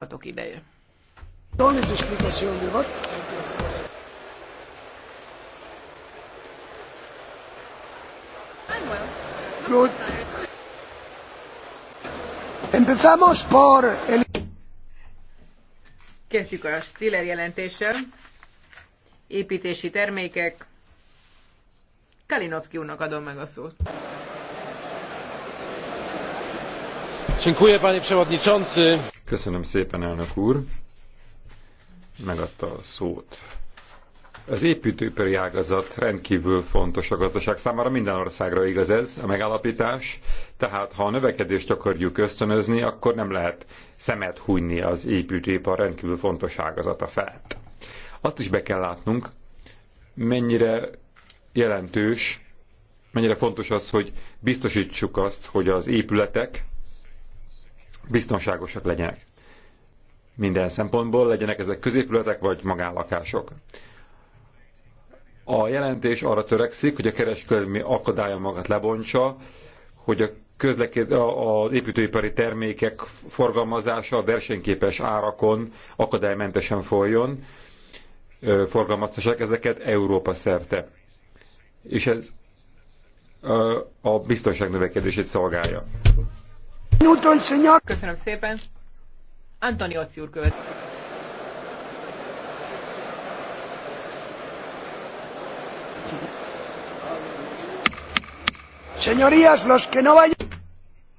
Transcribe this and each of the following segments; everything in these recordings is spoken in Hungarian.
Hatok ideje. Dans Good. Empezamos por el... Kezdjük a Stiller jelentéssel. Építési termékek. Kalinowski úrnak adom meg a szót. Dziękuję, panie przewodniczący. Köszönöm szépen, elnök úr. Megadta a szót. Az építőipari ágazat rendkívül fontos a gazdaság számára, minden országra igaz ez a megállapítás, tehát ha a növekedést akarjuk ösztönözni, akkor nem lehet szemet hunyni az építőipar rendkívül fontos ágazata felett. Azt is be kell látnunk, mennyire jelentős, mennyire fontos az, hogy biztosítsuk azt, hogy az épületek, biztonságosak legyenek. Minden szempontból legyenek ezek középületek vagy magánlakások. A jelentés arra törekszik, hogy a kereskedelmi akadálya magát lebontsa, hogy a közleked, az építőipari termékek forgalmazása a versenyképes árakon akadálymentesen folyjon, forgalmaztassák ezeket Európa szerte. És ez a biztonság növekedését szolgálja. Newton, senyor. Köszönöm szépen. Antoni Oci úr követ. Señorías, los que no vayan...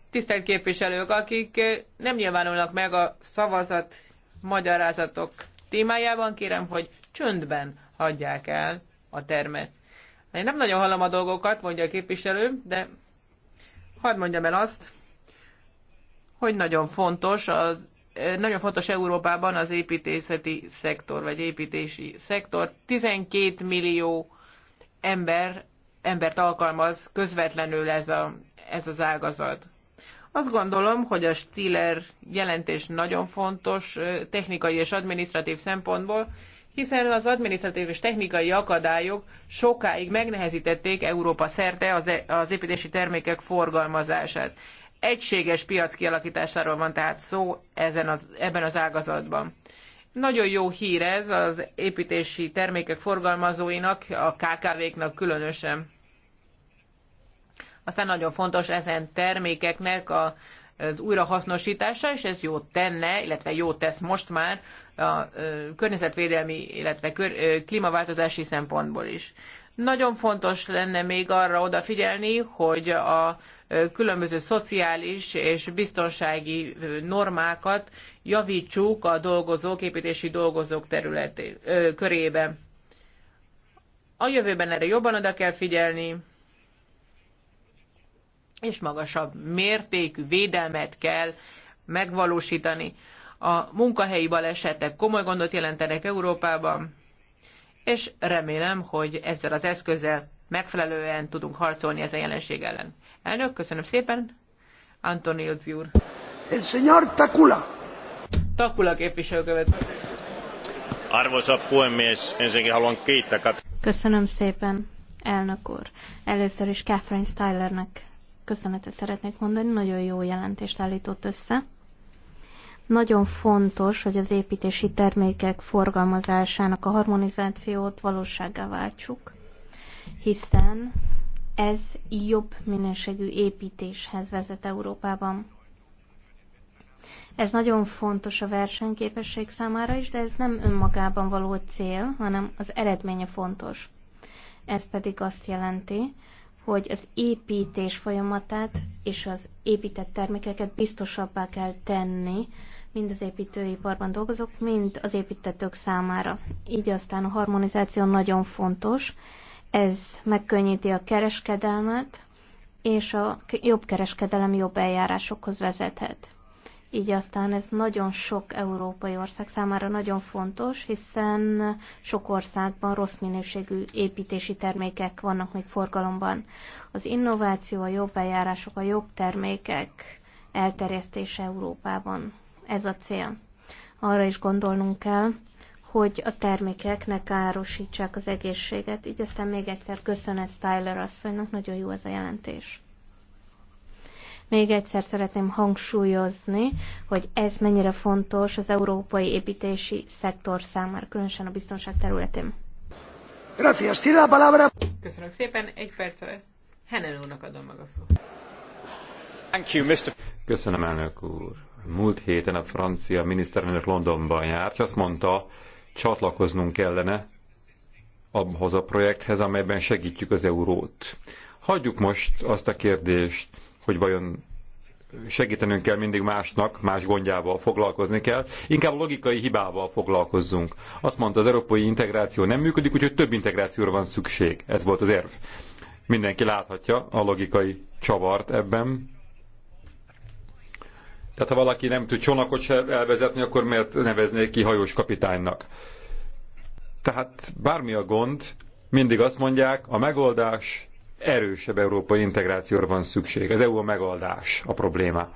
Tisztelt képviselők, akik eh, nem nyilvánulnak meg a szavazat magyarázatok témájában, kérem, hogy csöndben hagyják el a termet. Én nem nagyon hallom a dolgokat, mondja a képviselő, de hadd mondjam el azt, hogy nagyon fontos az nagyon fontos Európában az építészeti szektor, vagy építési szektor. 12 millió ember, embert alkalmaz közvetlenül ez, a, ez az ágazat. Azt gondolom, hogy a Stiller jelentés nagyon fontos technikai és adminisztratív szempontból, hiszen az adminisztratív és technikai akadályok sokáig megnehezítették Európa szerte az, e, az építési termékek forgalmazását egységes piac kialakításáról van tehát szó ezen az, ebben az ágazatban. Nagyon jó hír ez az építési termékek forgalmazóinak, a KKV-knak különösen. Aztán nagyon fontos ezen termékeknek a, az újrahasznosítása, és ez jót tenne, illetve jó tesz most már a környezetvédelmi, illetve kör, klímaváltozási szempontból is. Nagyon fontos lenne még arra odafigyelni, hogy a különböző szociális és biztonsági normákat javítsuk a dolgozók, építési dolgozók területé, körébe. A jövőben erre jobban oda kell figyelni, és magasabb mértékű védelmet kell megvalósítani. A munkahelyi balesetek komoly gondot jelentenek Európában, és remélem, hogy ezzel az eszközzel megfelelően tudunk harcolni ezen jelenség ellen. Elnök, köszönöm szépen. Antonio úr. El señor Takula. Takula képviselő következik. Arvoisa puhemies, ensinnäkin haluan kiittää. Köszönöm szépen, elnök úr. Először is Catherine Stylernek köszönetet szeretnék mondani, nagyon jó jelentést állított össze. Nagyon fontos, hogy az építési termékek forgalmazásának a harmonizációt valósággá váltsuk, hiszen ez jobb minőségű építéshez vezet Európában. Ez nagyon fontos a versenyképesség számára is, de ez nem önmagában való cél, hanem az eredménye fontos. Ez pedig azt jelenti, hogy az építés folyamatát és az épített termékeket biztosabbá kell tenni, mind az építőiparban dolgozók, mind az építetők számára. Így aztán a harmonizáció nagyon fontos, ez megkönnyíti a kereskedelmet, és a jobb kereskedelem jobb eljárásokhoz vezethet így aztán ez nagyon sok európai ország számára nagyon fontos, hiszen sok országban rossz minőségű építési termékek vannak még forgalomban. Az innováció, a jobb eljárások, a jobb termékek elterjesztése Európában. Ez a cél. Arra is gondolnunk kell, hogy a termékeknek ne károsítsák az egészséget. Így aztán még egyszer köszönet Styler asszonynak, nagyon jó ez a jelentés. Még egyszer szeretném hangsúlyozni, hogy ez mennyire fontos az európai építési szektor számára, különösen a biztonság területén. Gracias, tiene la palabra. Köszönöm szépen, egy percre. Henen úrnak adom meg a szót. Thank you, Mr. Köszönöm, elnök úr. Múlt héten a francia miniszterelnök Londonban járt, és azt mondta, csatlakoznunk kellene abhoz a projekthez, amelyben segítjük az eurót. Hagyjuk most azt a kérdést, hogy vajon segítenünk kell mindig másnak, más gondjával foglalkozni kell, inkább logikai hibával foglalkozzunk. Azt mondta, az európai integráció nem működik, úgyhogy több integrációra van szükség. Ez volt az érv. Mindenki láthatja a logikai csavart ebben. Tehát ha valaki nem tud csónakot se elvezetni, akkor miért neveznék ki hajós kapitánynak? Tehát bármi a gond, mindig azt mondják, a megoldás erősebb európai integrációra van szükség. Az EU a megoldás a probléma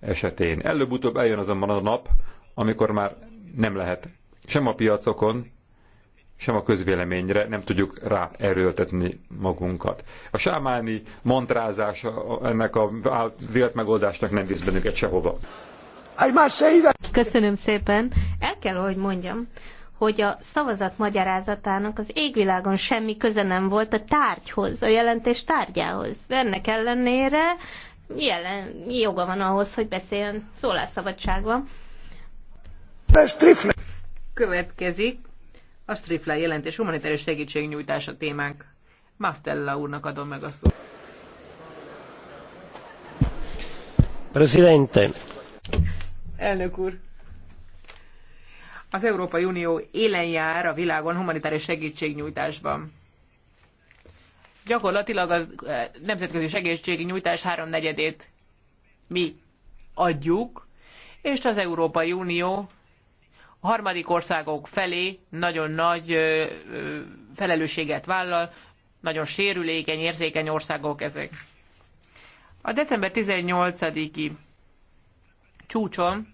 esetén. Előbb-utóbb eljön azonban a nap, amikor már nem lehet sem a piacokon, sem a közvéleményre nem tudjuk rá erőltetni magunkat. A sámáni mantrázás ennek a vélt megoldásnak nem visz bennünket sehova. Köszönöm szépen. El kell, hogy mondjam, hogy a szavazat magyarázatának az égvilágon semmi köze nem volt a tárgyhoz, a jelentés tárgyához. Ennek ellenére jelen, joga van ahhoz, hogy beszéljen szólásszabadságban. Következik a Strifle jelentés humanitárius segítségnyújtása témánk. Mastella úrnak adom meg a szót. Presidente. Elnök úr, az Európai Unió élen jár a világon humanitárius segítségnyújtásban. Gyakorlatilag a eh, nemzetközi segítségnyújtás háromnegyedét mi adjuk, és az Európai Unió a harmadik országok felé nagyon nagy eh, eh, felelősséget vállal, nagyon sérülékeny, érzékeny országok ezek. A december 18-i csúcson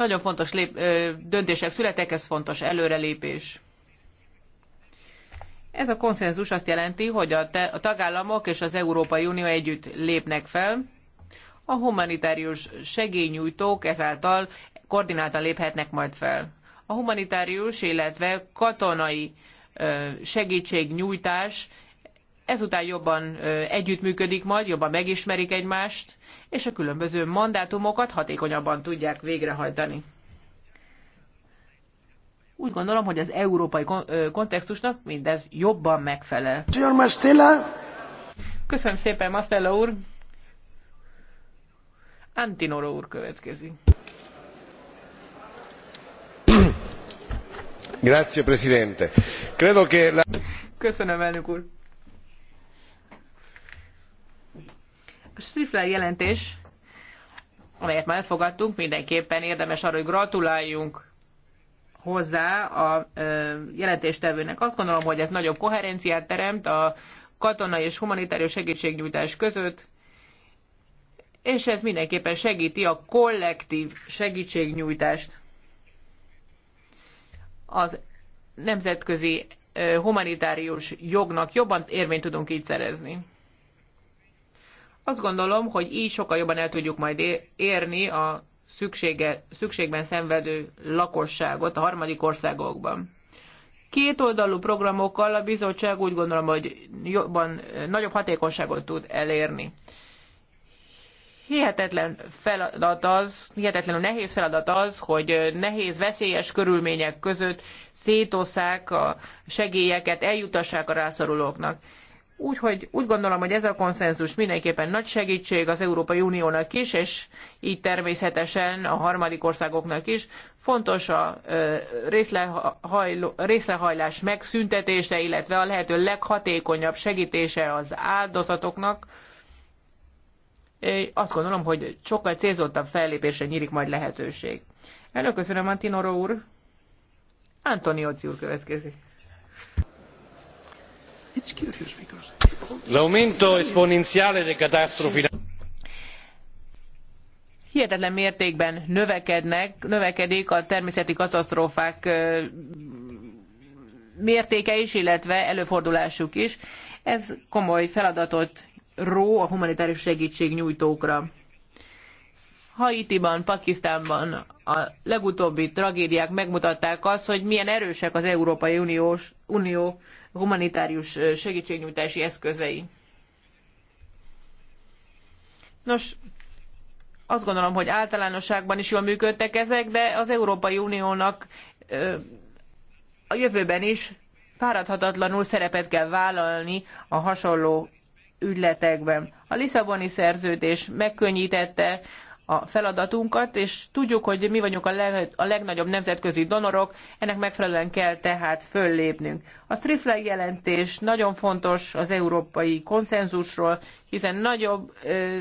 nagyon fontos lép, ö, döntések születek, ez fontos előrelépés. Ez a konszenzus azt jelenti, hogy a, te, a tagállamok és az Európai Unió együtt lépnek fel, a humanitárius segélynyújtók ezáltal koordináltan léphetnek majd fel. A humanitárius, illetve katonai segítségnyújtás ezután jobban együttműködik majd, jobban megismerik egymást, és a különböző mandátumokat hatékonyabban tudják végrehajtani. Úgy gondolom, hogy az európai kontextusnak mindez jobban megfelel. Köszönöm szépen, Mastella úr! Antinoro úr következik. Grazie, Presidente. Credo che la... Köszönöm, elnök úr! Strifler jelentés, amelyet már elfogadtunk, mindenképpen érdemes arra, hogy gratuláljunk hozzá a jelentéstevőnek. Azt gondolom, hogy ez nagyobb koherenciát teremt a katonai és humanitárius segítségnyújtás között, és ez mindenképpen segíti a kollektív segítségnyújtást. Az nemzetközi humanitárius jognak jobban érvényt tudunk így szerezni. Azt gondolom, hogy így sokkal jobban el tudjuk majd érni a szüksége, szükségben szenvedő lakosságot a harmadik országokban. Két oldalú programokkal a bizottság úgy gondolom, hogy jobban, nagyobb hatékonyságot tud elérni. Hihetetlen feladat az, hihetetlenül nehéz feladat az, hogy nehéz, veszélyes körülmények között szétoszák a segélyeket, eljutassák a rászorulóknak. Úgyhogy úgy gondolom, hogy ez a konszenzus mindenképpen nagy segítség az Európai Uniónak is, és így természetesen a harmadik országoknak is. Fontos a részlehajló, részlehajlás megszüntetése, illetve a lehető leghatékonyabb segítése az áldozatoknak. azt gondolom, hogy sokkal célzottabb fellépésre nyílik majd lehetőség. Elnök Antinoro úr. Antonioci úr következik hihetetlen mértékben növekednek, növekedik a természeti katasztrófák mértéke is, illetve előfordulásuk is. Ez komoly feladatot ró a humanitárius segítségnyújtókra. Haitiban, Pakisztánban a legutóbbi tragédiák megmutatták azt, hogy milyen erősek az Európai Uniós, Unió humanitárius segítségnyújtási eszközei. Nos, azt gondolom, hogy általánosságban is jól működtek ezek, de az Európai Uniónak a jövőben is fáradhatatlanul szerepet kell vállalni a hasonló ügyletekben. A Lisszaboni szerződés megkönnyítette a feladatunkat, és tudjuk, hogy mi vagyunk a, leg, a legnagyobb nemzetközi donorok, ennek megfelelően kell tehát föllépnünk. A Strifle jelentés nagyon fontos az európai konszenzusról, hiszen nagyobb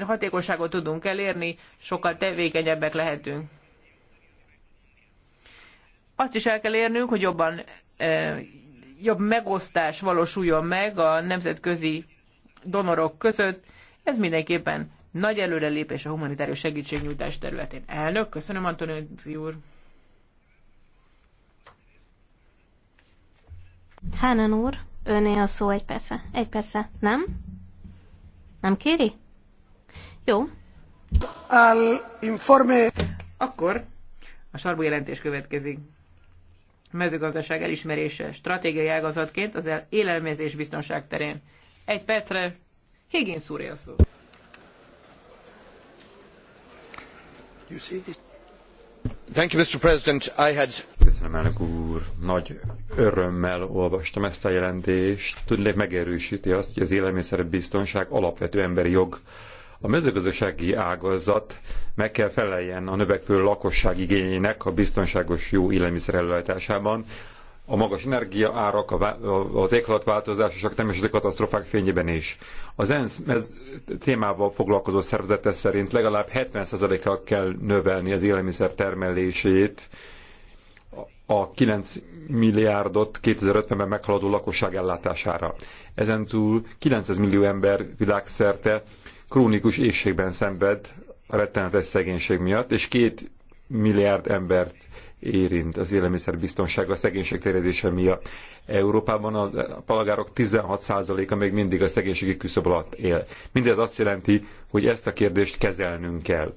hatékonyságot tudunk elérni, sokkal tevékenyebbek lehetünk. Azt is el kell érnünk, hogy jobban jobb megosztás valósuljon meg a nemzetközi donorok között. Ez mindenképpen nagy előrelépés a humanitárius segítségnyújtás területén. Elnök, köszönöm Antoniozi úr. Hánan úr, öné a szó egy persze. Egy persze, nem? Nem kéri? Jó. Al informe. Akkor a sarbu jelentés következik. A mezőgazdaság elismerése stratégiai ágazatként az élelmezés biztonság terén. Egy percre Higgins úr szó. köszönöm elnök úr nagy örömmel olvastam ezt a jelentést tudnék megerősíti azt hogy az élelmiszerbiztonság alapvető emberi jog a mezőgazdasági ágazat meg kell feleljen a növekvő lakosság igényének a biztonságos jó élelmiszer előállításában a magas energiaárak, az éghajlatváltozás és a természeti katasztrofák fényében is. Az ENSZ ez témával foglalkozó szervezete szerint legalább 70%-kal kell növelni az élelmiszer termelését a 9 milliárdot 2050-ben meghaladó lakosság ellátására. Ezen túl 900 millió ember világszerte krónikus éjségben szenved a rettenetes szegénység miatt, és két milliárd embert érint az élelmiszerbiztonság a szegénység terjedése miatt. Európában a palagárok 16%-a még mindig a szegénységi küszöb alatt él. Mindez azt jelenti, hogy ezt a kérdést kezelnünk kell.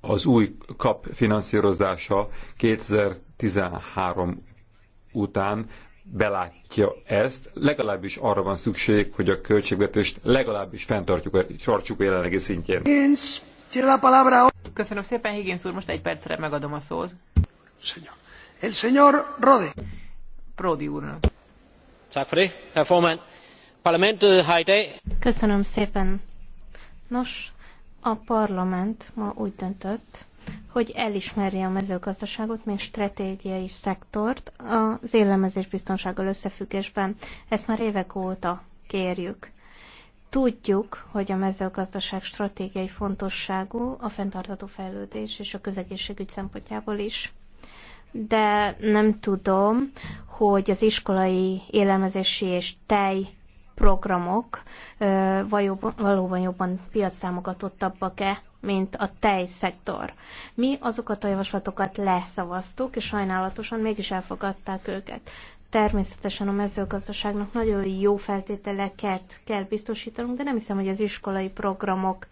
Az új kap finanszírozása 2013 után belátja ezt, legalábbis arra van szükség, hogy a költségvetést legalábbis fenntartjuk, tartsuk a jelenlegi szintjén. Köszönöm szépen, Higgins úr, most egy percre megadom a szót. Parlamentet har i dag... Köszönöm szépen. Nos, a parlament ma úgy döntött, hogy elismeri a mezőgazdaságot, mint stratégiai szektort az élelmezés biztonsággal összefüggésben. Ezt már évek óta kérjük. Tudjuk, hogy a mezőgazdaság stratégiai fontosságú a fenntartható fejlődés és a közegészségügy szempontjából is de nem tudom, hogy az iskolai élelmezési és tej programok valóban, valóban jobban piacszámogatottabbak-e, mint a tejszektor. Mi azokat a javaslatokat leszavaztuk, és sajnálatosan mégis elfogadták őket. Természetesen a mezőgazdaságnak nagyon jó feltételeket kell biztosítanunk, de nem hiszem, hogy az iskolai programok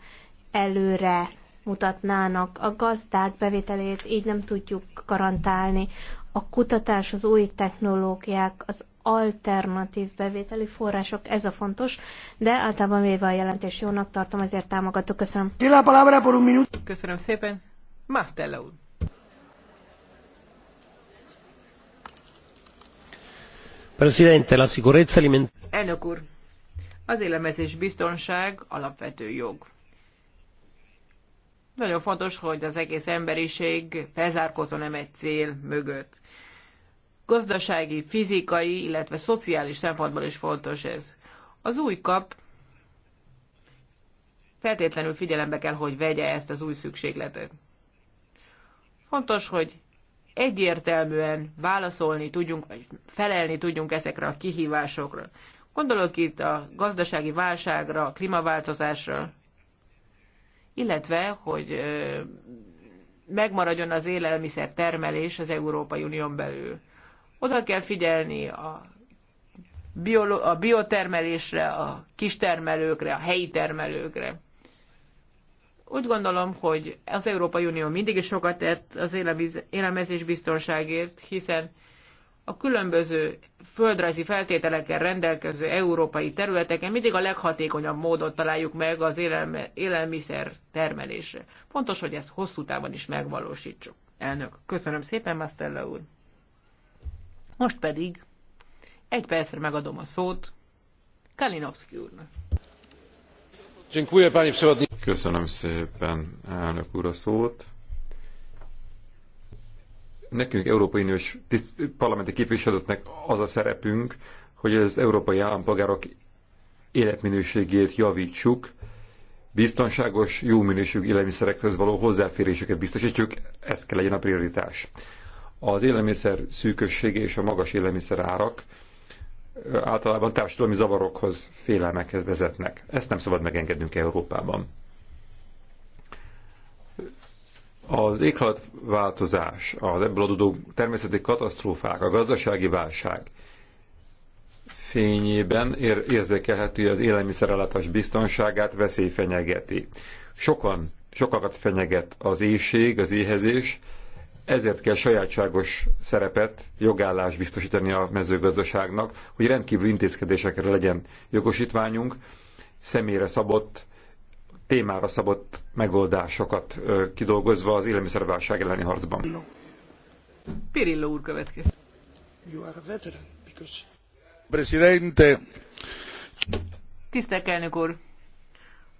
előre mutatnának a gazdák bevételét, így nem tudjuk garantálni. A kutatás, az új technológiák, az alternatív bevételi források, ez a fontos, de általában véve a jelentés jónak tartom, ezért támogatok. Köszönöm. Köszönöm szépen. Mastella úr. Presidente, la sicurezza alimentare. Elnök úr, az élelmezés biztonság alapvető jog. Nagyon fontos, hogy az egész emberiség felzárkozó nem egy cél mögött. Gazdasági, fizikai, illetve szociális szempontból is fontos ez. Az új kap feltétlenül figyelembe kell, hogy vegye ezt az új szükségletet. Fontos, hogy egyértelműen válaszolni tudjunk, vagy felelni tudjunk ezekre a kihívásokra. Gondolok itt a gazdasági válságra, a klímaváltozásra illetve hogy megmaradjon az élelmiszer termelés az Európai Unión belül. Oda kell figyelni a, a biotermelésre, a kistermelőkre, a helyi termelőkre. Úgy gondolom, hogy az Európai Unió mindig is sokat tett az élelmezés biztonságért, hiszen a különböző földrajzi feltételekkel rendelkező európai területeken mindig a leghatékonyabb módot találjuk meg az élelme, élelmiszer termelésre. Fontos, hogy ezt hosszú távon is megvalósítsuk. Elnök, köszönöm szépen, Mastella úr. Most pedig egy percre megadom a szót Kalinowski úrnak. Köszönöm szépen, elnök úr, a szót nekünk, Európai Uniós parlamenti képviselőknek az a szerepünk, hogy az európai állampolgárok életminőségét javítsuk, biztonságos, jó minőségű élelmiszerekhez való hozzáférésüket biztosítsuk, ez kell legyen a prioritás. Az élelmiszer szűkössége és a magas élelmiszer árak általában társadalmi zavarokhoz, félelmekhez vezetnek. Ezt nem szabad megengednünk Európában. Az éghajlatváltozás, az ebből adódó természeti katasztrófák, a gazdasági válság fényében ér- érzékelhető, hogy az élelmiszerellátás biztonságát veszély fenyegeti. Sokan, sokakat fenyeget az éjség, az éhezés, ezért kell sajátságos szerepet, jogállást biztosítani a mezőgazdaságnak, hogy rendkívül intézkedésekre legyen jogosítványunk, személyre szabott témára szabott megoldásokat kidolgozva az élelmiszerválság elleni harcban. Pirillo úr következik. Presidente. elnök úr!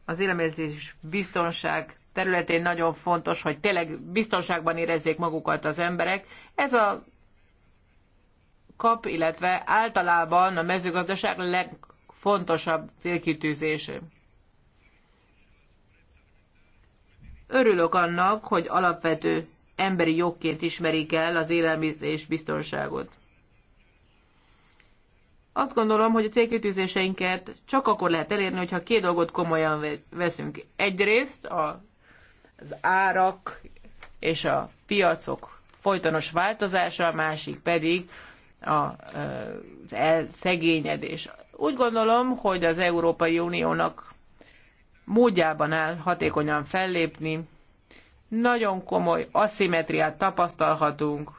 Az élelmezés biztonság területén nagyon fontos, hogy tényleg biztonságban érezzék magukat az emberek. Ez a kap, illetve általában a mezőgazdaság legfontosabb célkitűzése. Örülök annak, hogy alapvető emberi jogként ismerik el az és biztonságot. Azt gondolom, hogy a célkitűzéseinket csak akkor lehet elérni, hogyha két dolgot komolyan veszünk. Egyrészt a, az árak és a piacok folytonos változása, a másik pedig a, az elszegényedés. Úgy gondolom, hogy az Európai Uniónak módjában áll hatékonyan fellépni nagyon komoly aszimetriát tapasztalhatunk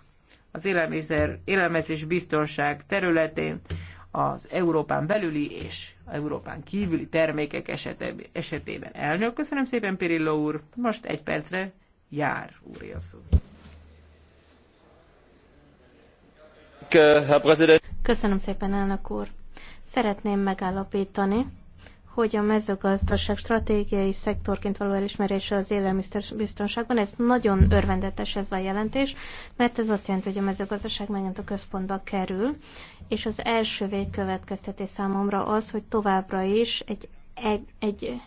az élelmiszer, élelmezés biztonság területén az Európán belüli és Európán kívüli termékek esetében. Elnök, köszönöm szépen Pirillo úr, most egy percre jár úr a Köszönöm szépen, elnök úr. Szeretném megállapítani, hogy a mezőgazdaság stratégiai szektorként való elismerése az élelmiszerbiztonságban, ez nagyon örvendetes ez a jelentés, mert ez azt jelenti, hogy a mezőgazdaság megint a központba kerül, és az első végkövetkeztetés számomra az, hogy továbbra is egy, egy, egy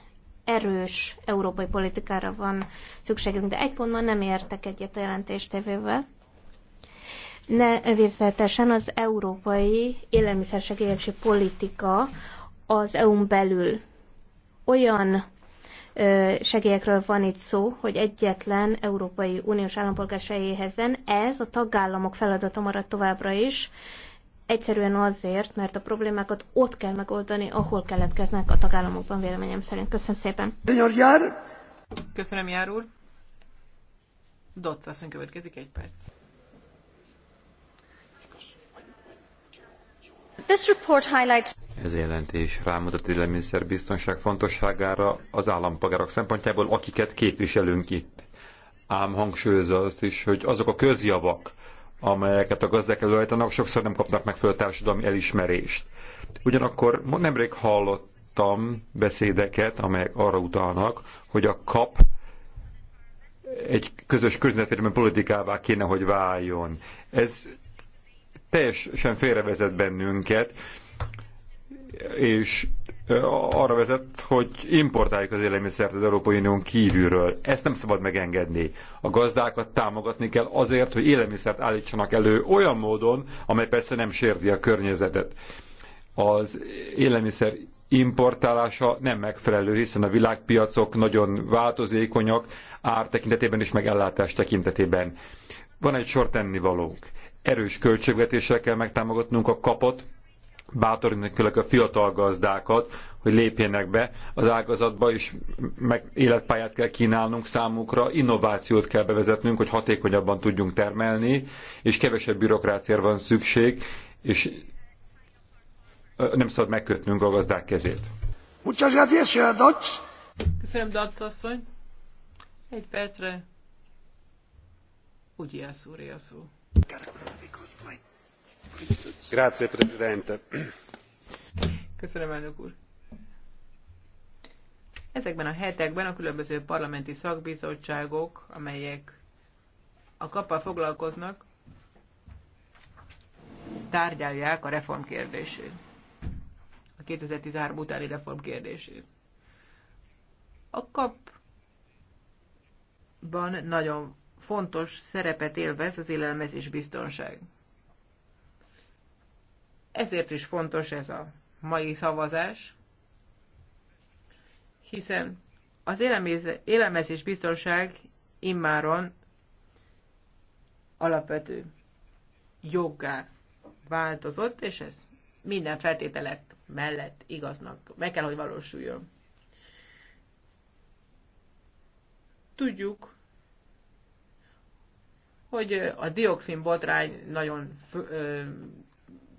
erős európai politikára van szükségünk, de egy pontban nem értek egyet a jelentéstevővel, nevezetesen az európai élelmiszersegélyegység politika az EU-n belül. Olyan segélyekről van itt szó, hogy egyetlen Európai Uniós állampolgár se éhezen. Ez a tagállamok feladata marad továbbra is, egyszerűen azért, mert a problémákat ott kell megoldani, ahol keletkeznek a tagállamokban véleményem szerint. Köszönöm szépen. Jár. Köszönöm, Jár úr. Dotz, aztán következik egy perc. This report highlights ez jelentés rámutat biztonság fontosságára az állampolgárok szempontjából, akiket képviselünk itt. Ám hangsúlyozza azt is, hogy azok a közjavak, amelyeket a gazdák előállítanak, sokszor nem kapnak föl társadalmi elismerést. Ugyanakkor nemrég hallottam beszédeket, amelyek arra utalnak, hogy a kap egy közös környezetvédelmi politikává kéne, hogy váljon. Ez teljesen félrevezet bennünket, és arra vezet, hogy importáljuk az élelmiszert az Európai Unión kívülről. Ezt nem szabad megengedni. A gazdákat támogatni kell azért, hogy élelmiszert állítsanak elő olyan módon, amely persze nem sérti a környezetet. Az élelmiszer importálása nem megfelelő, hiszen a világpiacok nagyon változékonyak ár tekintetében és megellátás tekintetében. Van egy sor tennivalónk. Erős költségvetéssel kell megtámogatnunk a kapot, bátorítani a fiatal gazdákat, hogy lépjenek be az ágazatba, és meg életpályát kell kínálnunk számukra, innovációt kell bevezetnünk, hogy hatékonyabban tudjunk termelni, és kevesebb bürokráciára van szükség, és nem szabad megkötnünk a gazdák kezét. Muchas gracias, Dodds. Köszönöm, Dodds asszony. Egy percre. Úgy jelszúri a szó. Ezekben a hetekben a különböző parlamenti szakbizottságok, amelyek a kappal foglalkoznak, tárgyalják a reform kérdését. A 2013 utáni reform kérdését. A kapban nagyon fontos szerepet élvez az élelmezés biztonság. Ezért is fontos ez a mai szavazás, hiszen az élelmezés biztonság immáron alapvető joggá változott, és ez minden feltételek mellett igaznak, meg kell, hogy valósuljon. Tudjuk, hogy a dioxin botrány nagyon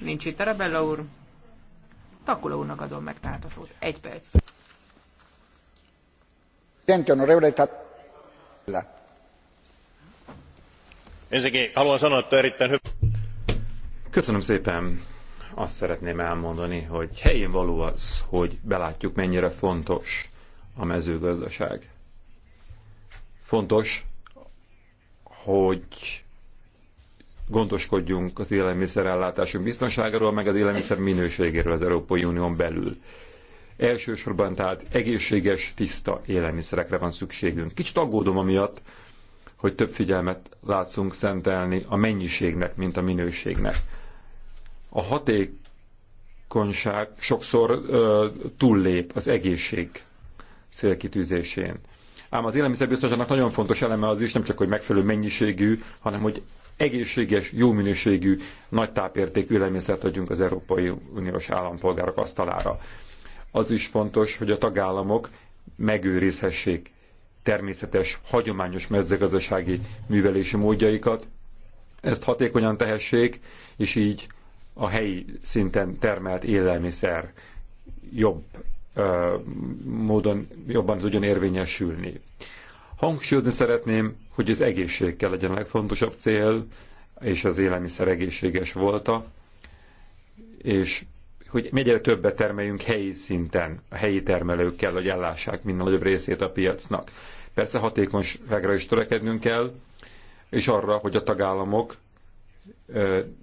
Nincs itt Rebella úr. Takula úrnak adom meg tehát a szót. Egy perc. Ensinnäkin haluan sanoa, että erittäin hyvä. Köszönöm szépen. Azt szeretném elmondani, hogy helyén való az, hogy belátjuk, mennyire fontos a mezőgazdaság. Fontos, hogy gondoskodjunk az élelmiszerellátásunk biztonságáról, meg az élelmiszer minőségéről az Európai Unión belül. Elsősorban tehát egészséges, tiszta élelmiszerekre van szükségünk. Kicsit aggódom amiatt, hogy több figyelmet látszunk szentelni a mennyiségnek, mint a minőségnek. A hatékonyság sokszor ö, túllép az egészség célkitűzésén. Ám az élelmiszerbiztonságnak nagyon fontos eleme az is, nem csak, hogy megfelelő mennyiségű, hanem hogy egészséges, jó minőségű, nagy tápértékű élelmiszert adjunk az Európai Uniós állampolgárok asztalára. Az is fontos, hogy a tagállamok megőrizhessék természetes, hagyományos mezőgazdasági művelési módjaikat, ezt hatékonyan tehessék, és így a helyi szinten termelt élelmiszer jobb ö, módon jobban tudjon érvényesülni. Hangsúlyozni szeretném, hogy az egészség kell legyen a legfontosabb cél, és az élelmiszer egészséges volta, és hogy egyre többet termeljünk helyi szinten, a helyi termelők kell, hogy ellássák minden nagyobb részét a piacnak. Persze hatékonyságra is törekednünk kell, és arra, hogy a tagállamok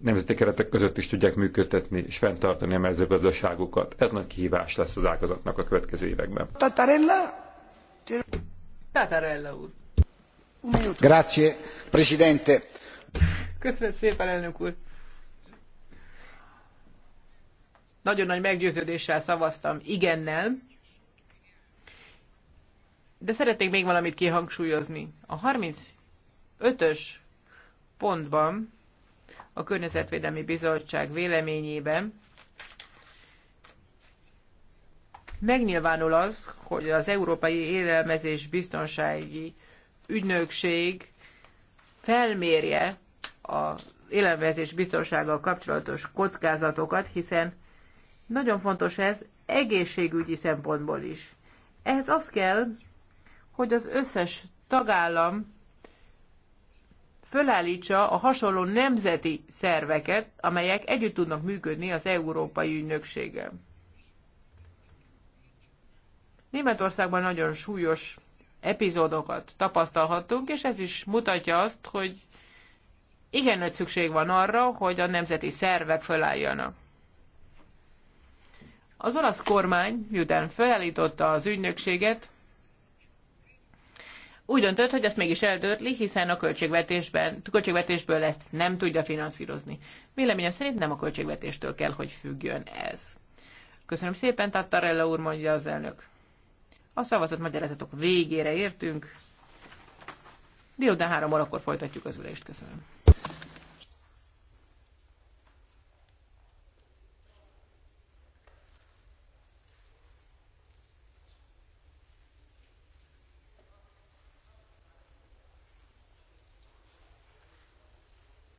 nemzeti keretek között is tudják működtetni és fenntartani a mezőgazdaságukat. Ez nagy kihívás lesz az ágazatnak a következő években. Tatarella? Grazie, Presidente. Köszönöm szépen, elnök úr. Nagyon nagy meggyőződéssel szavaztam igennel, de szeretnék még valamit kihangsúlyozni. A 35-ös pontban a Környezetvédelmi Bizottság véleményében megnyilvánul az, hogy az Európai Élelmezés Biztonsági Ügynökség felmérje az élelmezés biztonsággal kapcsolatos kockázatokat, hiszen nagyon fontos ez egészségügyi szempontból is. Ehhez az kell, hogy az összes tagállam fölállítsa a hasonló nemzeti szerveket, amelyek együtt tudnak működni az Európai Ügynökséggel. Németországban nagyon súlyos epizódokat tapasztalhattunk, és ez is mutatja azt, hogy igen nagy szükség van arra, hogy a nemzeti szervek fölálljanak. Az olasz kormány, miután felállította az ügynökséget, úgy döntött, hogy ezt mégis eldöntli, hiszen a költségvetésben, a költségvetésből ezt nem tudja finanszírozni. Véleményem szerint nem a költségvetéstől kell, hogy függjön ez. Köszönöm szépen, Tattarella úr, mondja az elnök. A szavazat magyarázatok végére értünk. Délután három órakor folytatjuk az ülést. Köszönöm.